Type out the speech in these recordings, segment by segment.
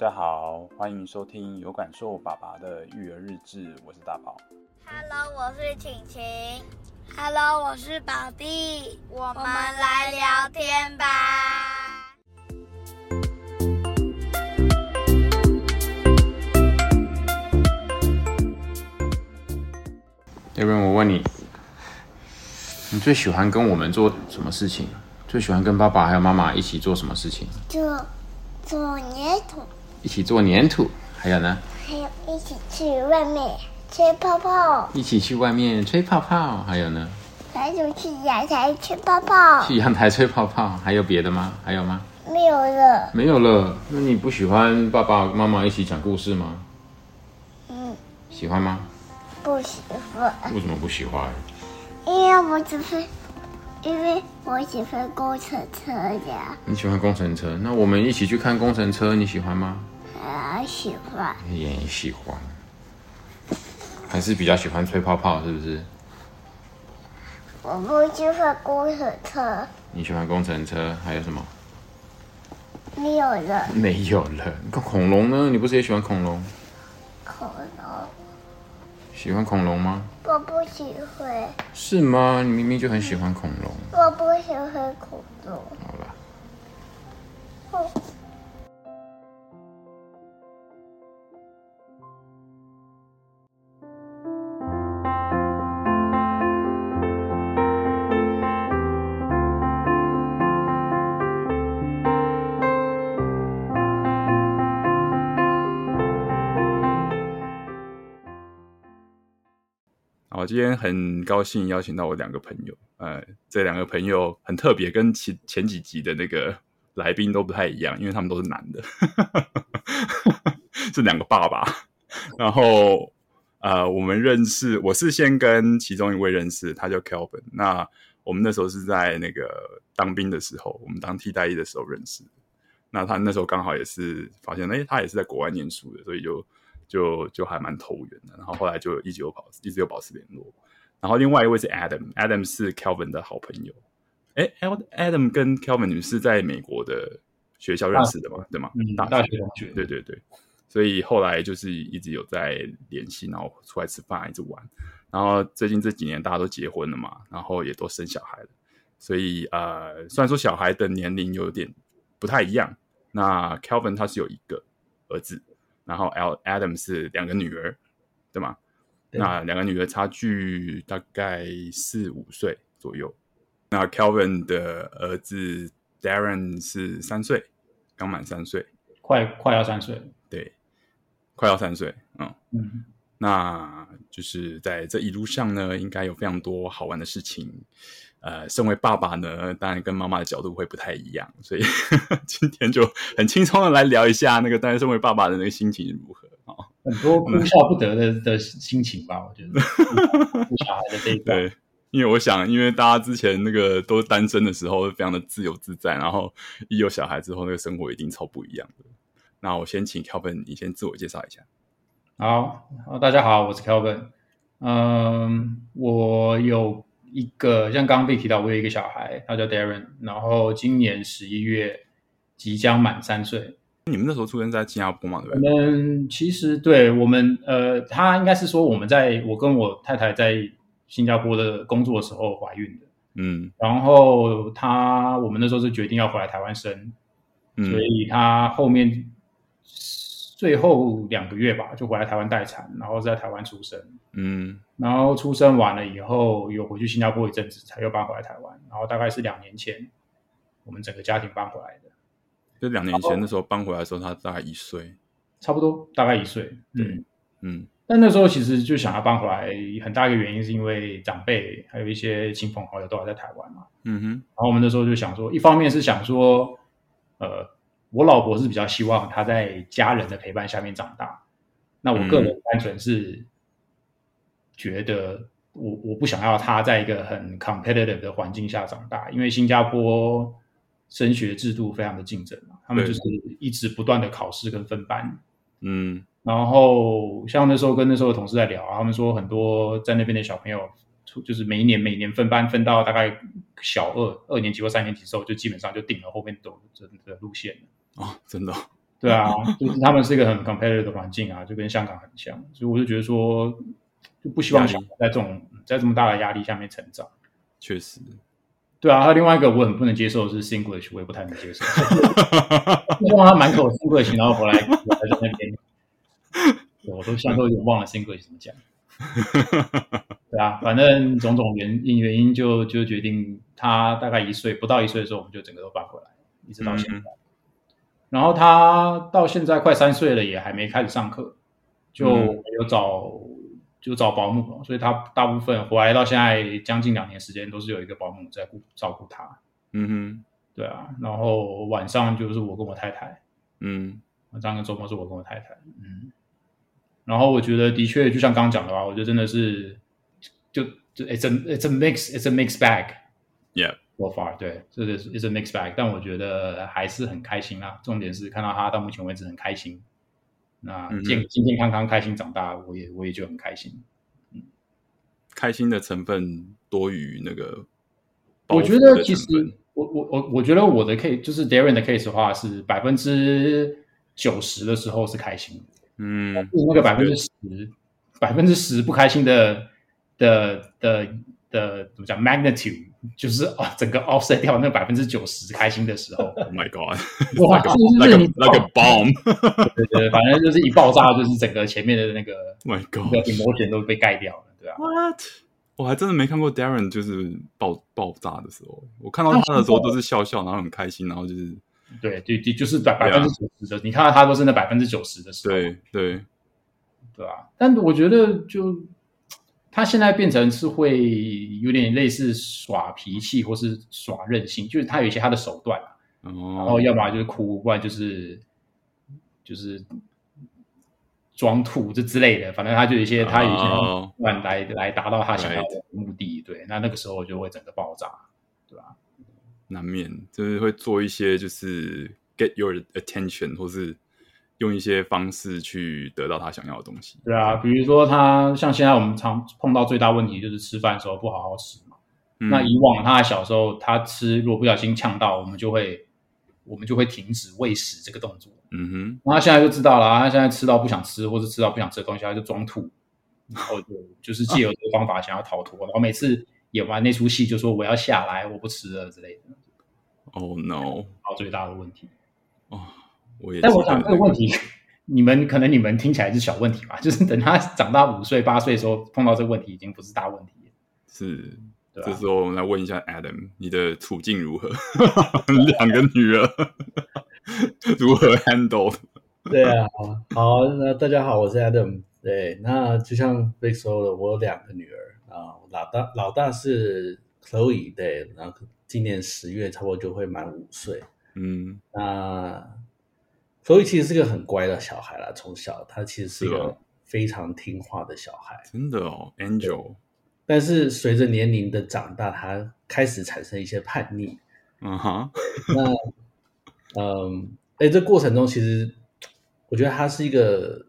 大家好，歡迎收聽有感授把拔的育兒日誌，我是大寶。Hello，我是晴晴。Hello，我是寶弟。我們來聊天吧。要不然我問你，你最喜歡跟我們做什麼事情？最喜歡跟爸爸還有媽媽一起做什麼事情？做做粘土。一起做粘土，還有呢？還有一起去外面吹泡泡。一起去外面吹泡泡，還有呢？還有去陽台吹泡泡。去陽台吹泡泡，還有別的嗎？還有嗎？沒有了，沒有了。那你不喜歡爸爸媽媽一起講故事嗎？嗯。喜歡嗎？不喜歡。為什麼不喜歡？因為我只是因為我喜歡工程車呀。你喜歡工程車？那我們一起去看工程車，你喜歡嗎？我、啊、喜歡，也喜歡，還是比較喜歡吹泡泡，是不是？我不喜歡工程車。你喜歡工程車，還有什麼？沒有了，沒有了。看恐龍呢？你不是也喜歡恐龍？恐龍，喜歡恐龍嗎？我不喜歡。是嗎？你明明就很喜歡恐龍。我不喜歡恐龍。好了。今天很高興邀請到我兩個朋友，呃，這兩個朋友很特別，跟前前幾集的那個來賓都不太一樣，因為他們都是男的， 是兩個爸爸。 然後，呃，我們認識，我是先跟其中一位認識的，他叫 Calvin，那我們那時候是在那個當兵的時候，我們當替代役的時候認識。那他那時候剛好也是發現，誒、欸，他也是在國外念書的，所以就。就就還蠻投緣的，然後後來就一直有保，一直有保持聯絡。然後另外一位是 Adam，Adam Adam 是 Calvin 的好朋友。哎，欸，Adam 跟 Calvin 你們是在美國的學校認識的嗎？啊？對嗎？嗯，大學同學。對對對，所以後來就是一直有在聯繫，然後出來吃飯，一直玩。然後最近這幾年大家都結婚了嘛，然後也都生小孩了，所以呃，雖然說小孩的年齡有點不太一樣，那 Calvin 他是有一個兒子。然後，Adam 是兩個女兒，對嗎？對那兩個女兒差距大概四五歲左右。那 Kelvin 的兒子 Darren 是三歲，剛滿三歲，快快要三歲。對，快要三歲。嗯,嗯，那就是在這一路上呢，應該有非常多好玩的事情。呃，身為爸爸呢，當然跟媽媽的角度會不太一樣，所以呵呵今天就很輕鬆的來聊一下那個，但身為爸爸的那個心情如何啊？很多哭笑不得的的心情吧，嗯、我覺得。哈哈哈哈哈。小孩的對，因為我想，因為大家之前那個都單身的時候非常的自由自在，然後一有小孩之後，那個生活一定超不一樣的。那我先請 Calvin，你先自我介紹一下。好，好，大家好，我是 Calvin。嗯，我有。一個像剛剛被提到，我有一個小孩，他叫 Darren，然後今年十一月即將滿三歲。你們那時候出生在新加坡嗎？對不對？我們其實對我們呃，他應該是說我們在我跟我太太在新加坡的工作的時候懷孕的。嗯，然後他我們那時候是決定要回來台灣生，所以他後面是。嗯最後兩個月吧，就回來台灣待產，然後在台灣出生。嗯，然後出生完了以後，有回去新加坡一陣子，才又搬回來台灣。然後大概是兩年前，我們整個家庭搬回來的。就兩年前那時候搬回來的時候，他大概一歲，差不多，大概一歲。對，嗯，嗯。但那時候其實就想要搬回來，很大一個原因是因為長輩還有一些親朋好友都還在台灣嘛。嗯哼。然後我們那時候就想說，一方面是想說，呃。我老婆是比較希望他在家人的陪伴下面長大，那我個人單純是覺得我、嗯、我不想要他在一個很 competitive 的環境下長大，因為新加坡升學制度非常的競爭，他們就是一直不斷的考試跟分班，嗯，然後像那時候跟那時候的同事在聊啊，他們說很多在那邊的小朋友，就是每一年每一年分班分到大概小二二年級或三年級時候，就基本上就定了後面走的的路線了。啊、哦，真的、哦，對啊，就是他們是一個很 competitive 的環境啊，就跟香港很像，所以我就覺得說，就不希望在這種在這麼大的壓力下面成長。確實，對啊，還有另外一個我很不能接受的是 Singlish 我也不太能接受，不 希望他滿口 Singlish 然後回來在那邊， 我都現在都有點忘了 Singlish 怎麼講。對啊，反正種種原因原因就就決定他大概一歲不到一歲的時候，我們就整個都搬過來、嗯，一直到現在。然後他到現在快三歲了，也還沒開始上課，就沒有找、嗯、就找保姆，所以他大部分回來到現在將近兩年時間，都是有一個保姆在顧照顧他。嗯哼，對啊。然後晚上就是我跟我太太，嗯，晚上跟周末是我跟我太太，嗯。然後我覺得的確，就像剛，剛講的話，我覺得真的是，就就 it's a it's a mix it's a mixed bag。Yeah. So far, 對，這是 is a mixed bag，但我覺得還是很開心啦、啊。重點是看到他到目前為止很開心，那健健健康康開心長大，嗯、我也我也就很開心。開心的成分多於那個。我覺得其實我我我我覺得我的 case 就是 Darren 的 case 的話是百分之九十的時候是開心，嗯，是那個百分之十百分之十不開心的的的。的的怎麼講？magnitude 就是哦，整個 offset 掉那百分之九十，開心的時候。Oh my god！哇，那個那個 bomb， 對，對對，反正就是一爆炸， 就是整個前面的那個、oh、my god，emotion 都被蓋掉了，對啊。What？我還真的沒看過 Darren 就是爆爆炸的時候，我看到他的時候都是笑笑，然後很開心，然後就是 對對對，就是百百分之九十的、啊，你看到他都是那百分之九十的時候，對對對啊。但我覺得就。他現在變成是會有點類似耍脾氣，或是耍任性，就是他有一些他的手段啊，oh. 然後要不然就是哭，不然就是就是裝吐這之、之類的，反正他就有一些他有一些亂來、oh. 來、來達到他想要的目的。對, right. 對，那那個時候就會整個爆炸，對吧？難免就是會做一些就是 get your attention 或是。用一些方式去得到他想要的東西。對啊，比如說他像現在我們常碰到最大問題就是吃飯的時候不好好吃嘛，嗯。那以往他小時候他吃如果不小心嗆到，我們就會我們就會停止餵食這個動作。嗯哼，那他現在就知道了，他現在吃到不想吃或者吃到不想吃的東西，他就裝吐， 然後就就是借由這個方法想要逃脫。 然後每次演完那出戲就說我要下來，我不吃了之類的。Oh no！他最大的問題。哦。我也但我想這個問題， 你們可能你們聽起來是小問題吧？就是等他長大五歲八歲時候碰到這個問題已經不是大問題是、啊，這時候我們來問一下 Adam，你的處境如何？兩 個女兒 如何 handle？對啊，好，那大家好，我是 Adam。對，那就像被說了。我有兩個女兒啊，老大老大是 Chloe 對，然後今年十月差不多就會滿五歲，嗯，那。所以其實是個很乖的小孩啦，從小他其實是一個非常聽話的小孩，的真的哦，Angel。但是隨着年齡的長大，他開始產生一些叛逆，嗯、uh、哼 -huh. 那嗯，哎、欸，這過程中其實我覺得他是一個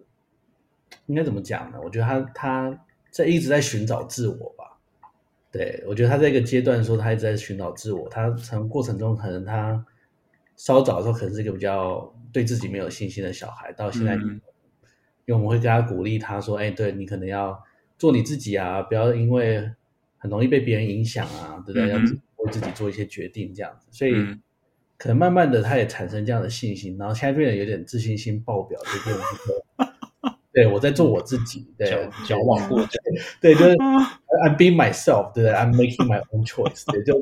應該怎麼講呢？我覺得他他在一直在尋找自我吧。對，我覺得他這個階段說他一直在尋找自我，他從過程中可能他。稍早的時候，可能是一個比較對自己沒有信心的小孩，到現在、嗯，因為我們會跟他鼓勵他說：“嗯、哎，對你可能要做你自己啊，不要因為很容易被別人影響啊，對不對、嗯？要自己為自己做一些決定這樣子。”所以，可能慢慢的他也產生這樣的信心，然後現在變得有點自信心爆表，就變成， 對我在做我自己，對，矯枉過正，對，就是 I'm being myself，對不對 ？I'm making my own choice，對，就。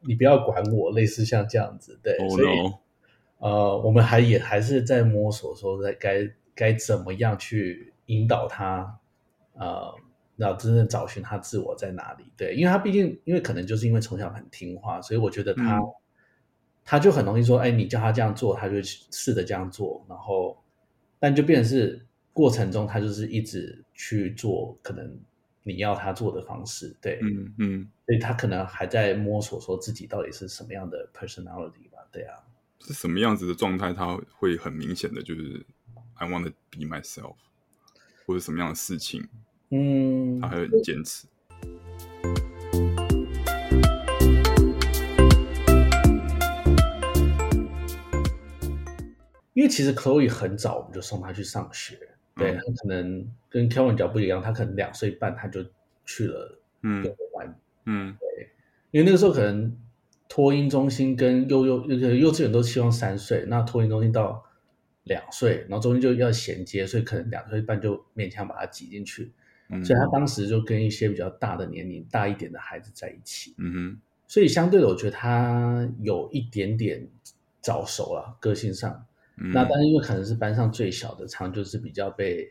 你不要管我，類似像這樣子，對，Oh no. 所以，呃，我們還也還是在摸索說，說在該該怎麼樣去引導他，呃，然後真正找尋他自我在哪裡，對，因為他畢竟，因為可能就是因為從小很聽話，所以我覺得他、嗯，他就很容易說，哎，你叫他這樣做，他就試着這樣做，然後，但就變成是過程中他就是一直去做，可能。你要他做的方式，對，嗯嗯，所以他可能還在摸索，說自己到底是什麼樣的 personality 吧？對啊，是什麼樣子的狀態？他會很明顯的，就是 I want to be myself，或者什麼樣的事情，嗯，他還很堅持。因為其實 Chloe 很早，我們就送他去上學。對、嗯、他可能跟 Calvin 腳不一樣，他可能兩歲半他就去了，嗯，玩，嗯，對，因為那個時候可能托嬰中心跟幼幼，那個幼稚園都希望三歲，那托嬰中心到兩歲，然後中間就要銜接，所以可能兩歲半就勉強把他擠進去、嗯，所以他當時就跟一些比較大的年齡大一點的孩子在一起，嗯哼、嗯，所以相對的，我覺得他有一點點早熟了、啊，個性上。嗯、那但是因為可能是班上最小的，常就是比較被，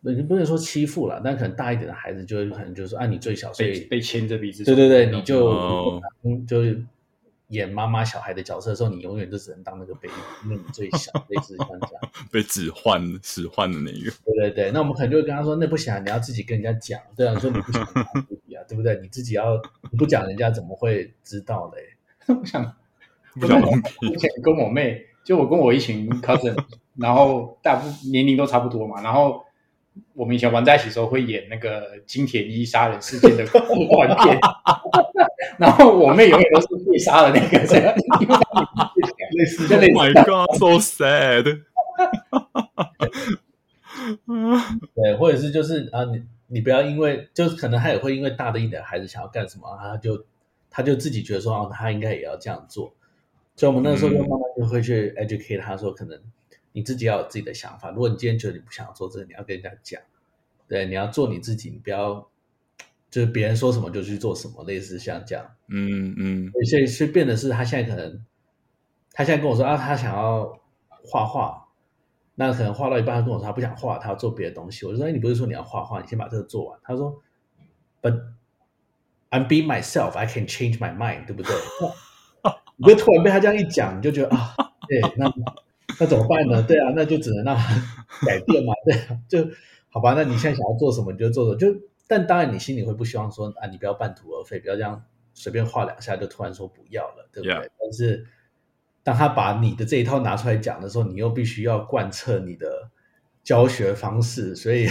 你不能說欺負了，但可能大一點的孩子就會可能就說啊，你最小，被被牽着鼻子走，對對對，你就、哦、你就演媽媽小孩的角色的時候，你永遠就只能當那個被，那 你最小，類似這樣被指喚指喚的那一個。對對對，那我們可能就會跟他說，那不行、啊，你要自己跟人家講，對啊，你說你不想、啊、 對不對？你自己要你不講，人家怎麼會知道嘞？ 我想，我想跟我妹。就我跟我一群 cousin， 然後大部分年齡都差不多嘛，然後我們以前玩在一起的時候會演那個金田一殺人事件的短片， 然後我妹永遠都是被殺的那個，這樣，類似，類似，My God，so sad，嗯， 對，或者是就是啊，你你不要因為，就是可能他也會因為大的一點孩子想要幹什麼，他就他就自己覺得說啊，他應該也要這樣做。所以，我們那個時候就慢慢就會去 educate 他，說可能你自己要有自己的想法。如果你今天覺得你不想要做這個，你要跟人家講，講，對，你要做你自己，你不要就是別人說什麼就去做什麼，類似像這樣。嗯嗯。所以，所以變的是，他現在可能，他現在跟我說啊，他想要畫畫，那可能畫到一半，他跟我說他不想畫，他要做別的東西。我就說，你不是說你要畫畫，你先把這個做完。他說，But I'm being myself, I can change my mind，對不對？你就突然被他這樣一講、啊，你就覺得啊，對、啊欸，那那怎麼辦呢？對啊，那就只能讓他改變嘛。對，啊，就好吧。那你現在想要做什麼，你就做什麼。就但當然，你心裡會不希望說啊，你不要半途而廢，不要這樣隨便畫兩下就突然說不要了，對不對？Yeah. 但是當他把你的這一套拿出來講的時候，你又必須要貫徹你的教學方式，所以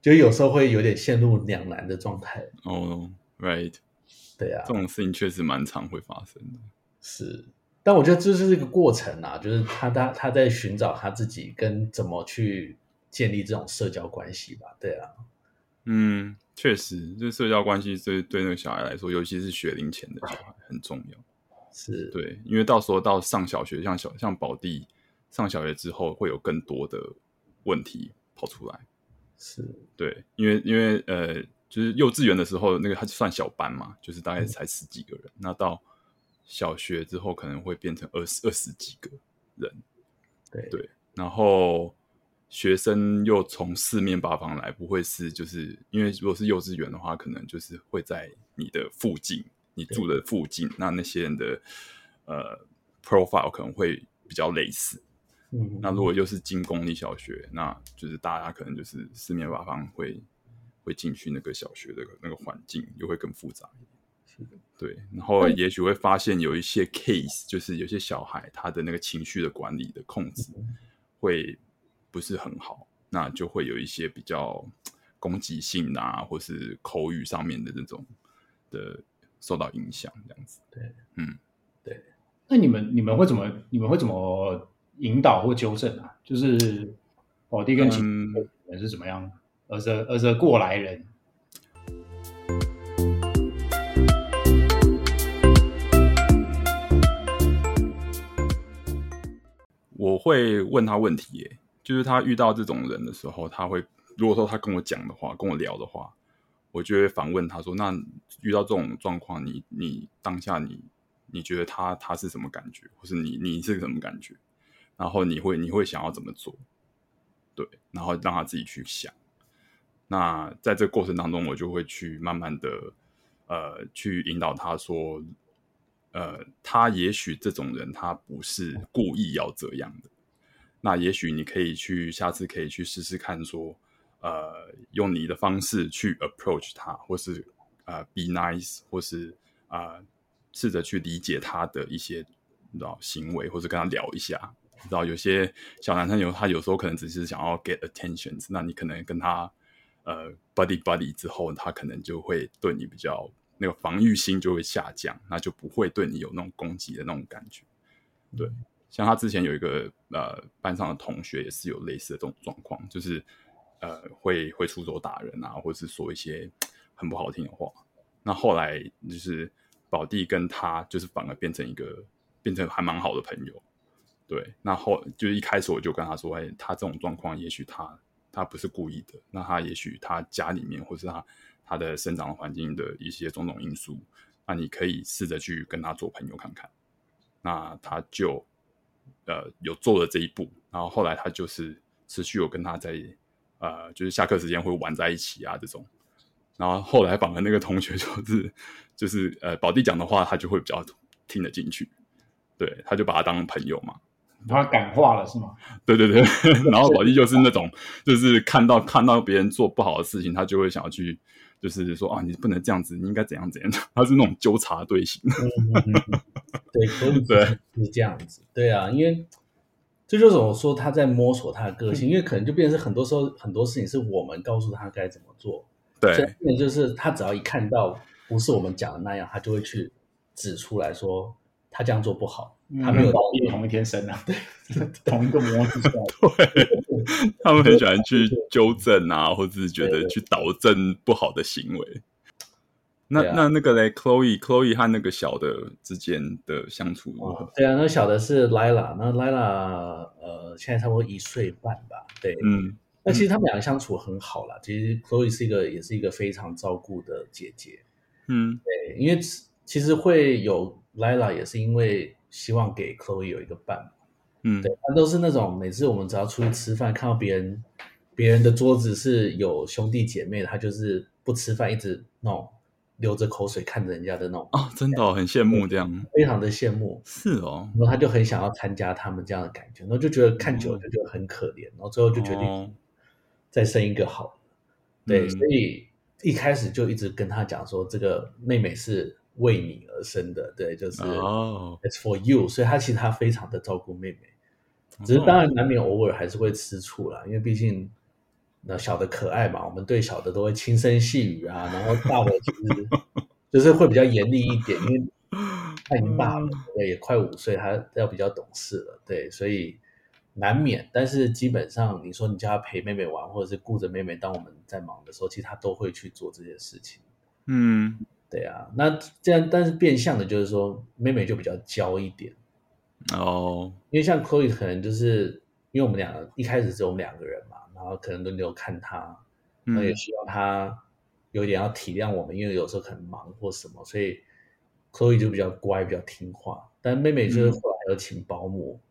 就有時候會有點陷入兩難的狀態。哦、oh, right，對啊，這種事情確實蠻常會發生的。是，但我覺得這是一個過程啊，就是他他他在尋找他自己跟怎麼去建立這種社交關係吧，對啊，嗯，確實，這、就是、社交關係對對那個小孩來說，尤其是學齡前的小孩很重要，是對，因為到時候到上小學，像小像寶弟上小學之後，會有更多的問題跑出來，是對，因為因為呃，就是幼稚園的時候，那個他就算小班嘛，就是大概才十幾個人，嗯、那到。小學之後可能會變成二十二十幾個人，對對，然後學生又從四面八方來，不會是就是因為如果是幼稚園的話，可能就是會在你的附近，你住的附近，那那些人的呃 profile 可能會比較類似。嗯，那如果又是進公立小學，那就是大家可能就是四面八方會會進去那個小學的那個環境，又會更複雜。對，然後也許會發現有一些 case，、嗯、就是有些小孩他的那個情緒的管理的控制會不是很好，那就會有一些比較攻擊性啊，或是口語上面的這種的受到影響，這樣子。對，嗯，對。那你們你們會怎麼？你們會怎麼引導或糾正啊？就是寶、哦、弟跟情人是怎麼樣？嗯、而是而是過來人？我會問他問題耶，就是他遇到這種人的時候，他會如果說他跟我講的話，跟我聊的話，我就會反問他說：“那遇到這種狀況，你你當下你你覺得他他是什麼感覺，或是你你是什麼感覺？然後你會你會想要怎麼做？對，然後讓他自己去想。那在這個過程當中，我就會去慢慢的呃去引導他說。”呃，他也許這種人，他不是故意要這樣的。那也許你可以去，下次可以去試試看，說，呃，用你的方式去 approach 他，或是啊、呃、be nice，或是啊試着去理解他的一些，你知道行為，或者跟他聊一下。你知道，有些小男生他有他有時候可能只是想要 get attention，那你可能跟他呃 buddy buddy 之後，他可能就會對你比較。那個防禦心就會下降，那就不會對你有那種攻擊的那種感覺。對，像他之前有一個呃班上的同學也是有類似的這種狀況，就是呃會會出手打人啊，或者是說一些很不好聽的話。那後來就是寶弟跟他就是反而變成一個變成還蠻好的朋友。對，那後就一開始我就跟他說，哎、欸，他這種狀況，也許他他不是故意的，那他也許他家裡面或是他。他的生長環境的一些種種因素，那你可以試着去跟他做朋友看看。那他就呃有做了這一步，然後後來他就是持續有跟他在呃就是下課時間會玩在一起啊這種，然後後來反而那個同學就是就是呃寶弟講的話他就會比較聽得進去，對，他就把他當朋友嘛，他感化了是嗎？對對對，然後寶弟就是那種就是看到看到別人做不好的事情，他就會想要去。就是說啊，你不能這樣子，你應該怎樣怎樣。他是那種糾察隊型，嗯嗯嗯呵呵，對，所以，就是這樣子。對啊，因為這就是我說他在摸索他的個性，嗯，因為可能就變成很多時候很多事情是我們告訴他該怎麼做。對，所以就是他只要一看到不是我們講的那樣，他就會去指出來說他這樣做不好。他們有同一個天生啊，對，同一個模子，對，他們很喜歡去糾正啊， 對對對，或者是覺得去導正不好的行為。對對對，那、啊、那那個嘞，Chloe，Chloe 和那個小的之間的相處如何？對啊，那個、小的是 Lila，那 Lila 呃，現在差不多一歲半吧。對，嗯。那其實他們兩個相處很好了。其實 Chloe 是一個，也是一個非常照顧的姐姐。嗯，對，因為其實會有 Lila，也是因為。希望給 Chloe 有一個伴，嗯，對他都是那種每次我們只要出去吃飯，嗯、看到別人別人的桌子是有兄弟姐妹他就是不吃飯，一直鬧，流着口水看着人家的那種哦，真的、哦、很羨慕這樣，非常的羨慕，是哦，然後他就很想要參加他們這樣的感覺，哦、然後就覺得看久了就覺得很可憐，哦、然後最後就決定再生一個好、哦、對、嗯，所以一開始就一直跟他講說這個妹妹是。為你而生的，對，就是、oh. It's for you。所以他其實他非常的照顧妹妹，只是當然難免偶爾還是會吃醋啦。因為畢竟那小的可愛嘛，我們對小的都會輕聲細語啊。然後大的其實就是會比較嚴厲一點， 因為他已經大了，對，也快五歲，他要比較懂事了。對，所以難免。但是基本上，你說你叫他陪妹妹玩，或者是顧着妹妹，當我們在忙的時候，其實他都會去做這些事情。嗯、mm.。對啊，那這樣但是變相的就是說，妹妹就比較嬌一點哦，oh. 因為像 Chloe 可能就是因為我們兩個一開始只有我們兩個人嘛，然後可能輪流看她，那也，嗯嗯，也需要她有點要體諒我們，因為有時候可能忙或什麼，所以 Chloe 就比較乖，比較聽話，但妹妹就是後來有請保姆。嗯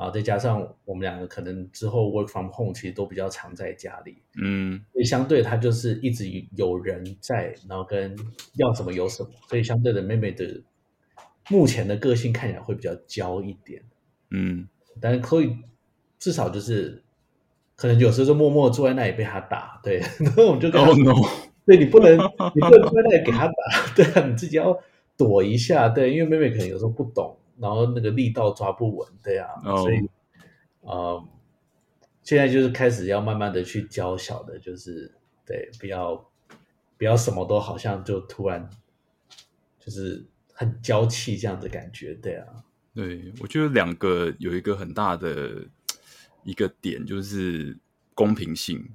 啊，再加上我們兩個可能之後 work from home，其實都比較常在家裡，嗯，所以相對他就是一直有人在，然後跟要什麼有什麼，所以相對的妹妹的目前的個性看起來會比較嬌一點，嗯，但是可以至少就是可能有時候就默默坐在那裡被他打，對，然後我們就哦 no，對，你不能，你不能坐在那裡給他打，對啊，你自己要躲一下，對，因為妹妹可能有時候不懂。然後那個力道抓不穩，對呀、啊，Oh. 所以，啊、呃，現在就是開始要慢慢的去教小的，就是對，不要不要什麼都好像就突然就是很嬌氣這樣的感覺，對呀、啊。對，我覺得兩個有一個很大的一個點就是公平性。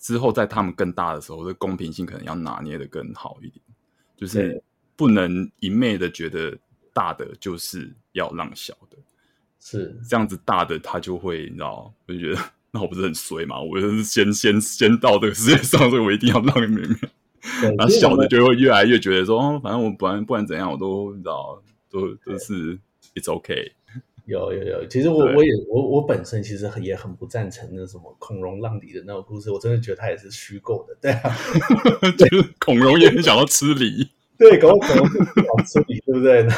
之後，在他們更大的時候，這個、公平性可能要拿捏得更好一點，就是不能一昧的覺得大的就是要讓小的，是這樣子大的他就會，你知道，我就覺得那我不是很衰嘛，我就是先先先到這個世界上，所以我一定要讓給妹妹， 然後小的就會越來越覺得說，哦、反正我不然不然怎樣，我都你知道，都都、就是 it's okay。有有有，其實我我也我我本身其實也很不贊成那什麼孔融讓梨的那種故事，我真的覺得他也是虛構的，對啊，孔 融也很想要吃梨， 對，搞個孔融想吃梨， 對不對呢？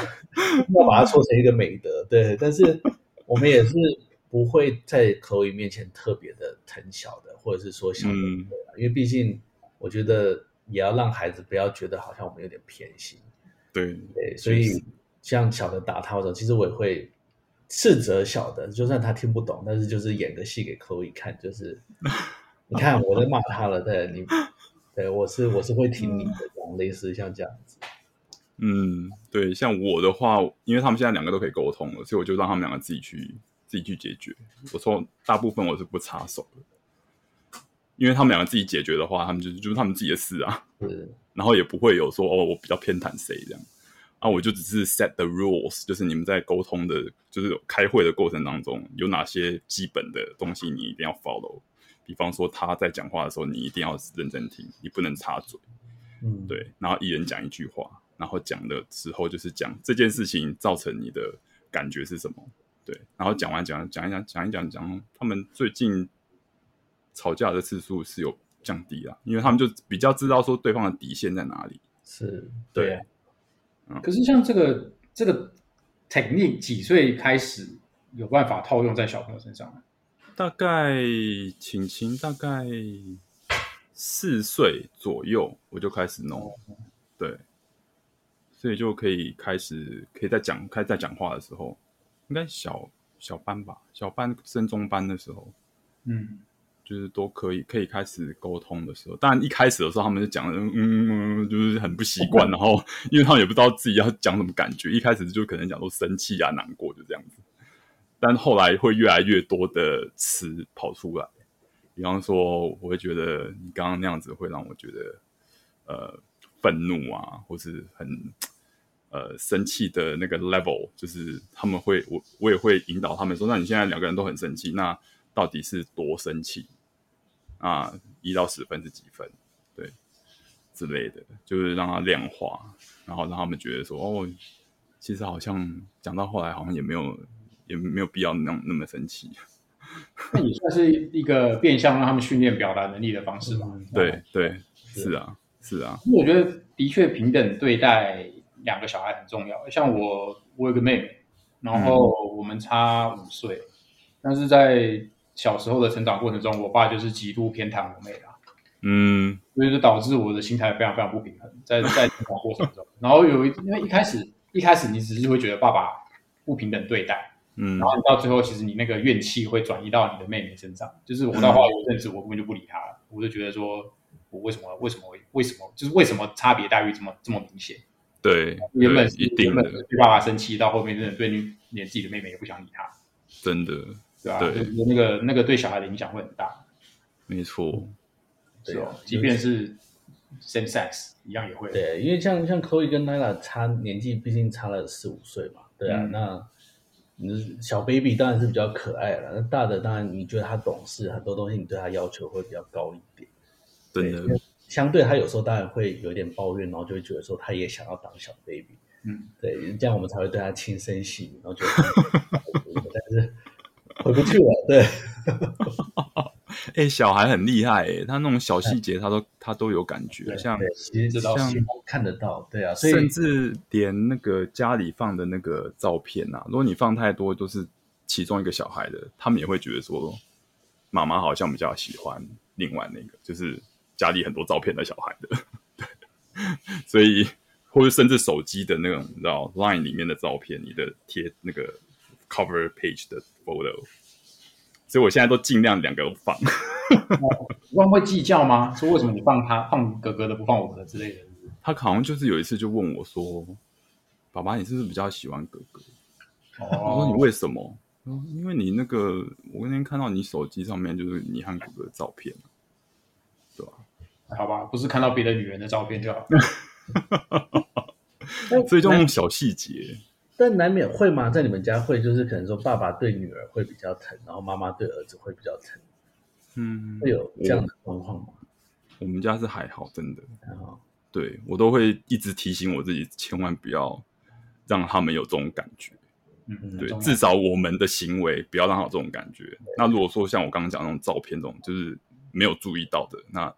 要把它說成一個美德，對，但是我們也是不會在口語面前特別的疼小的，或者是說小的、啊嗯，因為畢竟我覺得也要讓孩子不要覺得好像我們有點偏心，對對，所以像小的打他的時候，其實我也會。斥責小的，就算他聽不懂，但是就是演個戲給 Chloe 看，就是你看我都罵他了， 對，你對我是我是會聽你的種，這、嗯、類似像這樣子。嗯，對，像我的話，因為他們現在兩個都可以溝通了，所以我就讓他們兩個自己去自己去解決。我說大部分我是不插手的，因為他們兩個自己解決的話，他們就就是他們自己的事啊。是然後也不會有說哦，我比較偏袒誰這樣。那、啊、我就只是 set the rules，就是你們在溝通的，就是開會的過程當中，有哪些基本的東西你一定要 follow。比方說，他在講話的時候，你一定要認真聽，你不能插嘴。嗯，對。然後一人講一句話，然後講的時候就是講這件事情造成你的感覺是什麼。對。然後講完講講一講講一講講一講，他們最近吵架的次數是有降低啦，因為他們就比較知道說對方的底線在哪裡。是對。對可是像這個這個 technique 幾歲開始有辦法套用在小朋友身上？大概晴晴大概四歲左右我就開始弄，嗯，對，所以就可以開始可以在講，開始在講話的時候，應該小小班吧，小班升中班的時候，嗯。就是都可以可以開始溝通的時候，但一開始的時候，他們就講嗯，就是很不習慣，然後因為他們也不知道自己要講什麼感覺，一開始就可能講說生氣啊、難過就這樣子，但後來會越來越多的詞跑出來，比方說，我會覺得你剛剛那樣子會讓我覺得呃憤怒啊，或是很呃生氣的那個 level，就是他們會我我也會引導他們說，那你現在兩個人都很生氣，那到底是多生氣？啊，一到十分是幾分？對，之類的，就是讓他量化，然後讓他們覺得說，哦，其實好像講到後來，好像也沒有，也沒有必要那那麼生氣。那也算是一個變相讓他們訓練表達能力的方式嗎？嗯、 對，對，是啊，是啊。我覺得，的確平等對待兩個小孩很重要。像我，我有個妹妹，然後我們差五歲、嗯，但是在小時候的成長過程中，我爸就是極度偏袒我妹啊，嗯，所以就導致我的心態非常非常不平衡，在在成長過程中， 然後有一因為一開始一開始你只是會覺得爸爸不平等對待，嗯，然後到最後其實你那個怨氣會轉移到你的妹妹身上，就是我到後來有一陣子我根本就不理她了、嗯，我就覺得說我為什麼為什麼為什麼就是為什麼差別待遇這麼這麼明顯？對，原本一定的原本對爸爸生氣，到後面真的對你，連自己的妹妹也不想理她，真的。對吧、啊？對就是、那個那個對小孩的影響會很大，沒錯。嗯對啊就是哦，即便是、就是、same sex 一樣也會。對、啊，因為像像 Cody 跟 Nana 差年紀，畢竟差了四五歲嘛。對啊，嗯、那你小 baby 當然是比較可愛了。那大的當然你覺得他懂事，很多東西你對他要求會比較高一點。對，相對他有時候當然會有點抱怨，然後就會覺得說他也想要當小 baby。嗯，對，這樣我們才會對他輕聲細語，然後就。 但是。回不去了，對，哎、 欸，小孩很厲害，哎，他那種小細節，他都、哎、他都有感覺，對對其實像像看得到，對啊，甚至連那個家裡放的那個照片吶、啊，如果你放太多都是其中一個小孩的，他們也會覺得說，媽媽好像比較喜歡另外那個，就是家裡很多照片的小孩的，對，所以或者甚至手機的那種，你知道 Line 裡面的照片，你的貼那個。cover page 的 photo，所以我現在都盡量兩個放、 哦。萬會計較嗎？說為什麼你放他，嗯、放哥哥的不放我的之類的是不是？他好像就是有一次就問我說：“爸爸，你是不是比較喜歡哥哥？”哦、我說：“你為什麼？”因為你那個我那天看到你手機上面就是你和哥哥的照片，對吧？好吧，不是看到別的女人的照片就好。 所以就那種小細節。嗯嗯那難免會嗎？在你們家會，就是可能說爸爸對女兒會比較疼，然後媽媽對兒子會比較疼，嗯，會有這樣的狀況嗎？我，我們家是還好，真的，還好、嗯。對，我都會一直提醒我自己，千萬不要讓他們有這種感覺。嗯嗯。對，至少我們的行為不要讓他們有這種感覺。那如果說像我剛剛講那種照片，這種就是沒有注意到的，那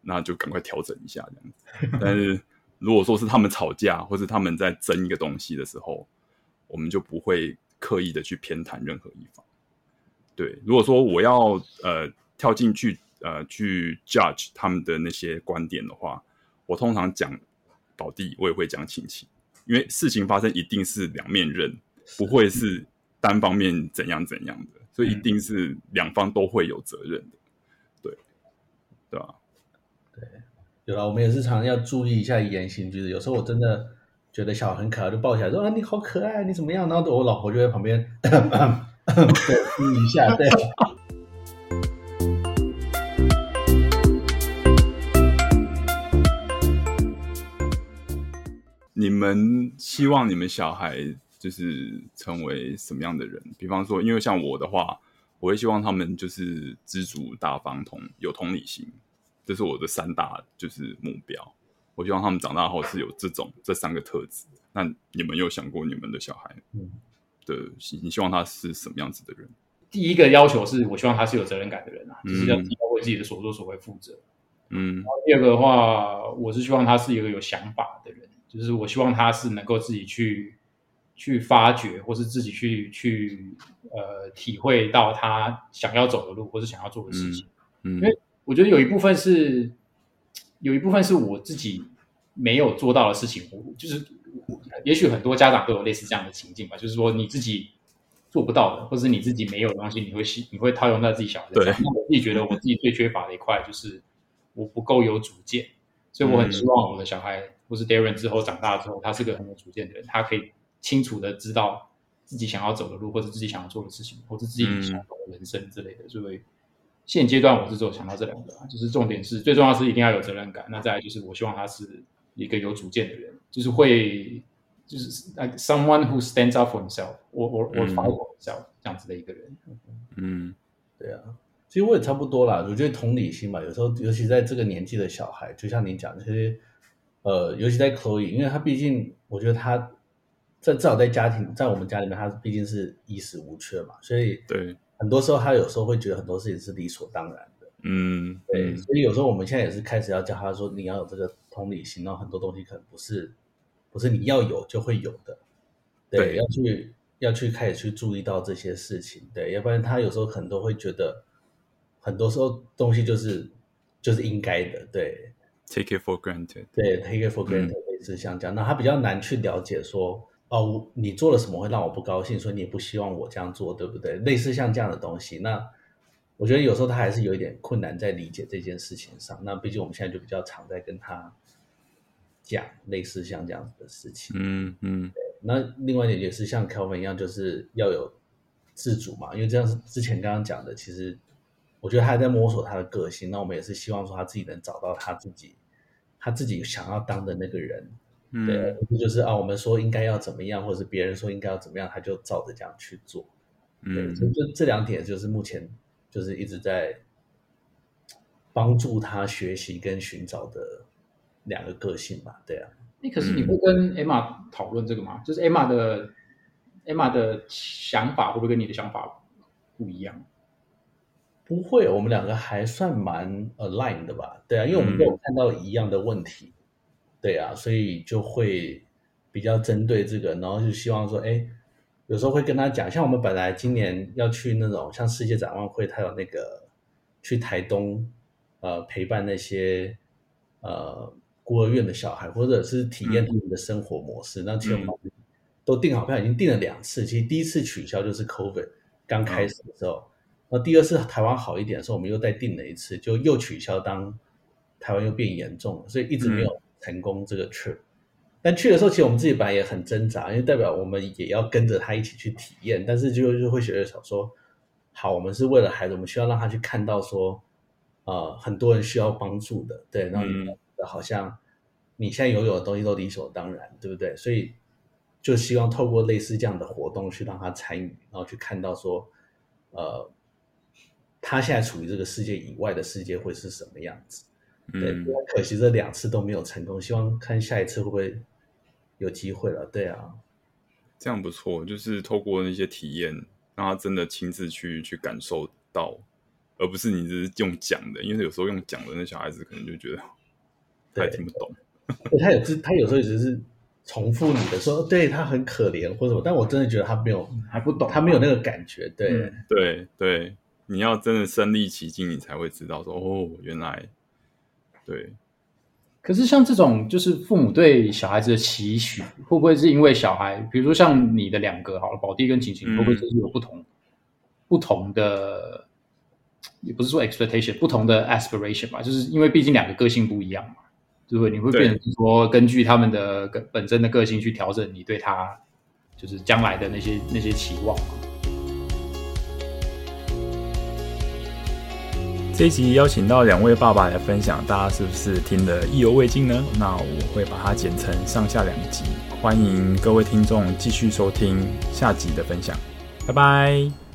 那就趕快調整一下這樣 但是如果說是他們吵架，或是他們在爭一個東西的時候，我們就不會刻意的去偏袒任何一方。對，如果說我要呃跳進去呃去 judge 他們的那些觀點的話，我通常講倒地，我也會講親戚，因為事情發生一定是兩面刃，不會是單方面怎樣怎樣的、嗯，所以一定是兩方都會有責任的，對，對吧？對了，我們也日常，常要注意一下言行舉止。就是，有時候我真的覺得小孩很可愛，就抱起來說：“啊，你好可愛，你怎麼樣？”然後我老婆就在旁邊反、 嗯嗯、一下。對。 你們希望你們小孩就是成為什麼樣的人？比方說，因為像我的話，我會希望他們就是知足、大方、同有同理心。這是我的三大就是目標，我希望他們長大後是有這種這三個特質。那你們有想過你們的小孩的、嗯，你希望他是什麼樣子的人？第一個要求是我希望他是有責任感的人啊，嗯、就是要為自己的所作所為負責。嗯。然後第二個的話，我是希望他是一個有想法的人，就是我希望他是能夠自己去去發掘，或是自己去去呃體會到他想要走的路，或是想要做的事情。嗯。嗯因為我覺得有一部分是，有一部分是我自己沒有做到的事情。我就是，也許很多家長都有類似這樣的情境吧，就是說你自己做不到的，或者你自己沒有的東西，你會希你會套用在自己小孩身上。那我自己覺得，我自己最缺乏的一塊就是我不夠有主見，所以我很希望我的小孩，嗯、或是 Darren 之後長大之後，他是個很有主見的人，他可以清楚的知道自己想要走的路，或者自己想要做的事情，或者自己想要走的人生之類的，嗯、所以。現階段我是只有想到這兩個，就是重點是最重要的，是一定要有責任感。那再來就是，我希望他是一個有主見的人，就是會，就是呃，someone who stands up for himself，我我我 fight o r m s e l f 這樣子的一個人。嗯，對啊，其實我也差不多啦。我覺得同理心吧，有時候，尤其在這個年紀的小孩，就像你講，其實呃，尤其在 c l o e 因為他畢竟，我覺得他在至少在家庭，在我們家裡面，他畢竟是衣食無缺嘛，所以對。很多時候，他有時候會覺得很多事情是理所當然的，嗯，對，所以有時候我們現在也是開始要教他說，你要有這個同理心，然後很多東西可能不是不是你要有就會有的，對，對，要去要去開始去注意到這些事情，對，要不然他有時候很多會覺得，很多時候東西就是就是應該的，對，take it for granted，對，take it for granted、嗯、是像這樣，那他比較難去了解說。哦，你做了什麼會讓我不高興，所以你也不希望我這樣做，對不對？類似像這樣的東西，那我覺得有時候他還是有一點困難在理解這件事情上。那畢竟我們現在就比較常在跟他講類似像這樣子的事情，嗯嗯對。那另外一點也是像 Calvin 一樣，就是要有自主嘛，因為這樣是之前剛剛講的。其實我覺得他還在摸索他的個性，那我們也是希望說他自己能找到他自己，他自己想要當的那個人。嗯對，就是啊，我們說應該要怎麼樣，或者是別人說應該要怎麼樣，他就照着這樣去做。對，就、嗯、就這兩點，就是目前就是一直在幫助他學習跟尋找的兩個個性吧。對啊，那可是你不跟 Emma 討論這個嗎？嗯、就是 Emma 的 Emma 的想法會不會跟你的想法不一樣？不會，我們兩個還算蠻 align 的吧？對啊，因為我們都有看到一樣的問題。嗯對啊，所以就會比較針對這個，然後就希望說，哎，有時候會跟他講，像我們本來今年要去那種像世界展望會，他有那個去台東，呃，陪伴那些呃孤兒院的小孩，或者是體驗他們的生活模式。嗯、那其實我們都訂好票，已經訂了兩次。其實第一次取消就是 COVID 剛開始的時候，那、嗯、第二次台灣好一點的時候，我們又再訂了一次，就又取消，當台灣又變嚴重了，所以一直沒有、嗯。成功這個 trip，但去的時候，其實我們自己本來也很掙扎，因為代表我們也要跟着他一起去體驗。但是就就會覺得想說，好，我們是為了孩子，我們需要讓他去看到說，呃，很多人需要幫助的，對，然後覺得好像你現在擁有的東西都理所當然，對不對？所以就希望透過類似這樣的活動去讓他參與，然後去看到說，呃，他現在處於這個世界以外的世界會是什麼樣子。嗯，對，可惜這兩次都沒有成功，希望看下一次會不會有機會了。對啊，這樣不錯，就是透過那些體驗，讓他真的親自去去感受到，而不是你只是用講的，因為有時候用講的那小孩子可能就覺得他也，他聽不懂，他有他有時候只是重複你的說，對他很可憐或什麼，但我真的覺得他沒有，還不懂、嗯，他沒有那個感覺。對、嗯、對對，你要真的身歷其境，你才會知道說哦，原來。對，可是像這種，就是父母對小孩子的期許，會不會是因為小孩，比如說像你的兩個，好了，寶弟跟晴晴，會不會就是有不同，不同的，也不是說 expectation，不同的 aspiration 吧，就是因為畢竟兩個個性不一樣嘛。就會你會變成說，根據他們的本身的個性去調整你對他，就是將來的那些那些期望嘛。這一集邀請到兩位爸爸來分享，大家是不是聽得意猶未盡呢？那我會把它剪成上下兩集，歡迎各位聽眾繼續收聽下集的分享。拜拜！